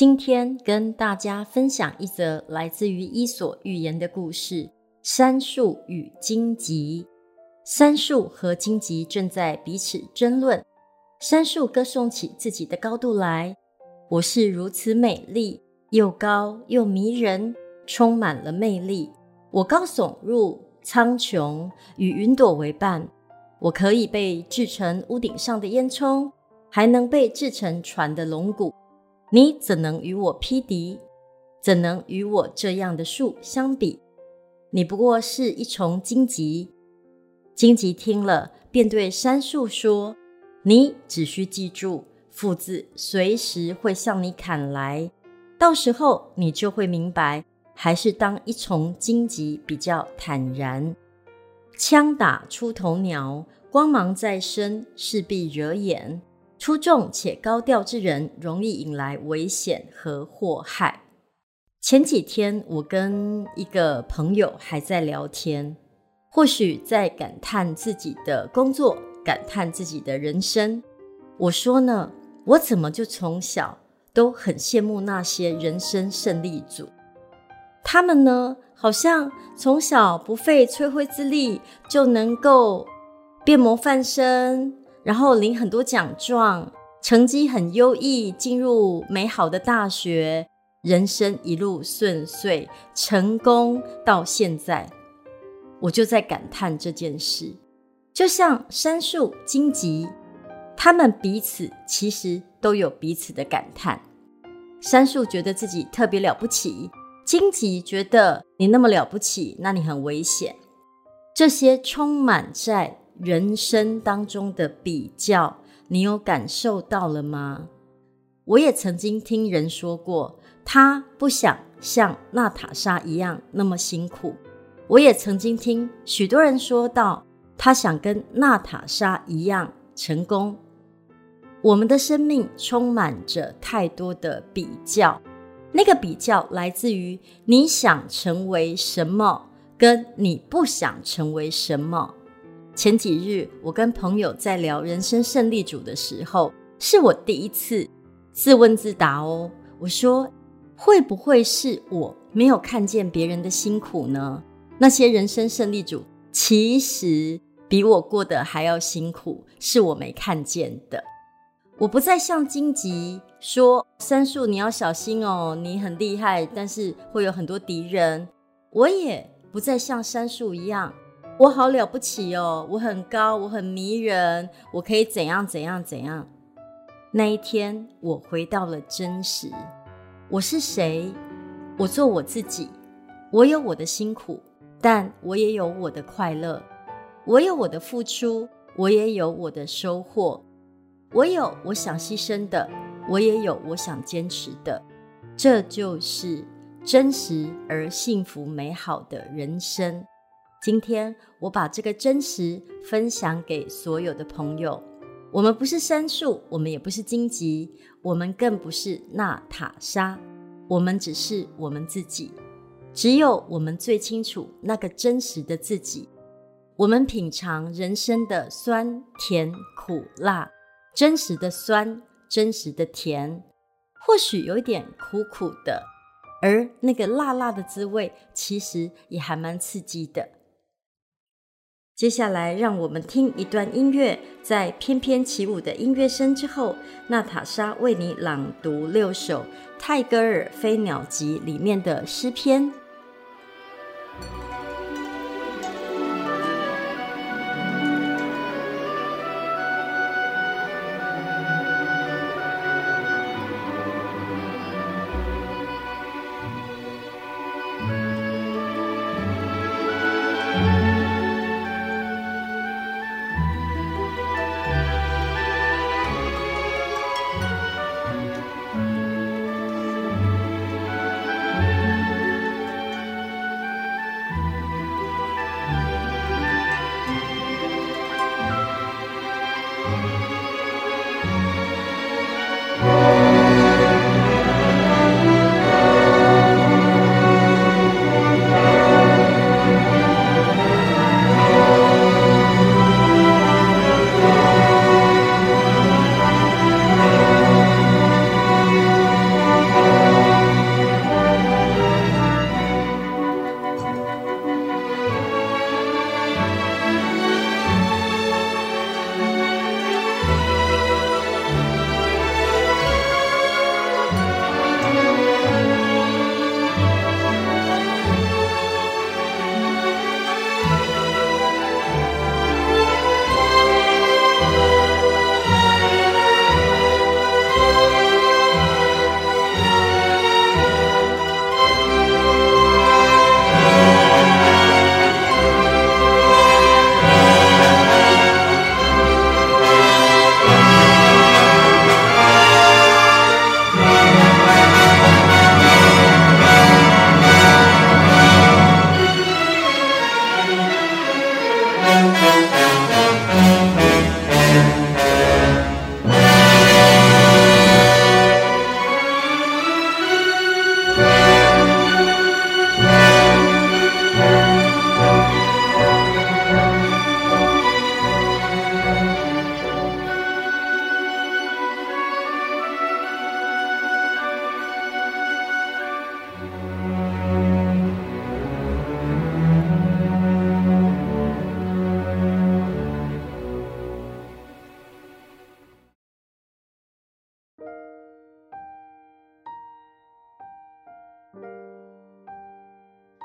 今天跟大家分享一則來自於《伊索寓言》的故事：山樹與荊棘。山樹和荊棘正在彼此爭論。山樹歌頌起自己的高度來：“我是如此美麗，又高又迷人，充滿了魅力。我高聳入蒼穹，與雲朵為伴。我可以被制成屋頂上的煙囪，還能被制成船的龍骨。”你怎能與我匹敵？怎能與我這樣的樹相比？你不過是一叢荊棘。荊棘聽了，便對山樹說：“你只需記住，斧子隨時會向你砍來。到時候，你就會明白，還是當一叢荊棘比較坦然。槍打出頭鳥，光芒在身，勢必惹眼。”出眾且高調之人，容易引來危險和禍害。前幾天，我跟一個朋友還在聊天，或許在感嘆自己的工作，感嘆自己的人生。我說呢，我怎麼就從小都很羨慕那些人生勝利組？他們呢，好像從小不費吹灰之力就能夠變模範生。然後領很多獎狀，成績很優異，進入美好的大學，人生一路順遂，成功到現在，我就在感嘆這件事。就像山樹、荊棘，他們彼此其實都有彼此的感嘆。山樹覺得自己特別了不起，荊棘覺得，你那麼了不起，那你很危險。這些充滿在。人生當中的比較，你有感受到了嗎？我也曾經聽人說過，他不想像娜塔莎一樣那麼辛苦。我也曾經聽許多人說到，他想跟娜塔莎一樣成功。我們的生命充滿着太多的比較，那個比較來自於你想成為什麼，跟你不想成為什麼。前幾日，我跟朋友在聊人生勝利組的時候，是我第一次自問自答哦。我說：“會不會是我沒有看見別人的辛苦呢？那些人生勝利組其實比我過得還要辛苦，是我沒看見的。”我不再像荊棘說：“山樹你要小心哦，你很厲害，但是會有很多敵人。”我也不再像山樹一樣。我好了不起哦，我很高，我很迷人，我可以怎樣怎樣怎樣。那一天，我回到了真實。我是誰？我做我自己。我有我的辛苦，但我也有我的快樂。我有我的付出，我也有我的收穫。我有我想犧牲的，我也有我想堅持的。這就是真實而幸福美好的人生。今天我把這個真實分享給所有的朋友。我們不是山樹，我們也不是荊棘，我們更不是娜塔莎，我們只是我們自己。只有我們最清楚那個真實的自己。我們品嘗人生的酸甜苦辣，真實的酸，真實的甜，或許有一點苦苦的，而那個辣辣的滋味其實也還蠻刺激的。接下來，讓我們聽一段音樂。在翩翩起舞的音樂聲之後，娜塔莎為你朗讀六首泰戈爾《飛鳥集》裡面的詩篇。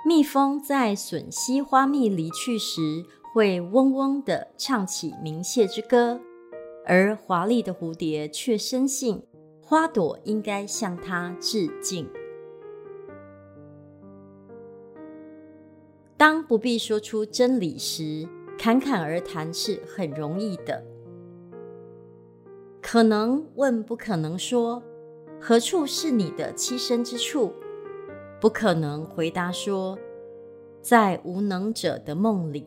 蜜蜂在吮吸花蜜離去時，會嗡嗡地唱起鳴謝之歌，而華麗的蝴蝶卻深信花朵應該向它致敬。當不必說出真理時，侃侃而談是很容易的。可能問，不可能說。何處是你的棲身之處？不可能回答說，在無能者的夢裡。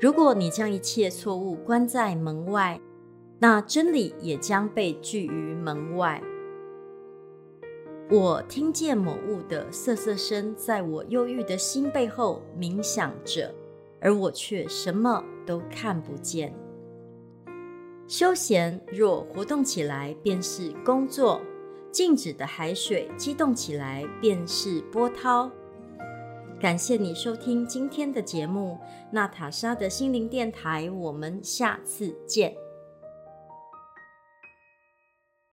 如果你將一切錯誤關在門外，那真理也將被拒於門外。我聽見某物的瑟瑟聲在我憂鬱的心背後冥想着，而我卻什麼都看不見。休閒若活動起來，便是工作。靜止的海水激動起來，便是波濤。感謝你收聽今天的節目《娜塔莎的心靈電台》，我們下次見。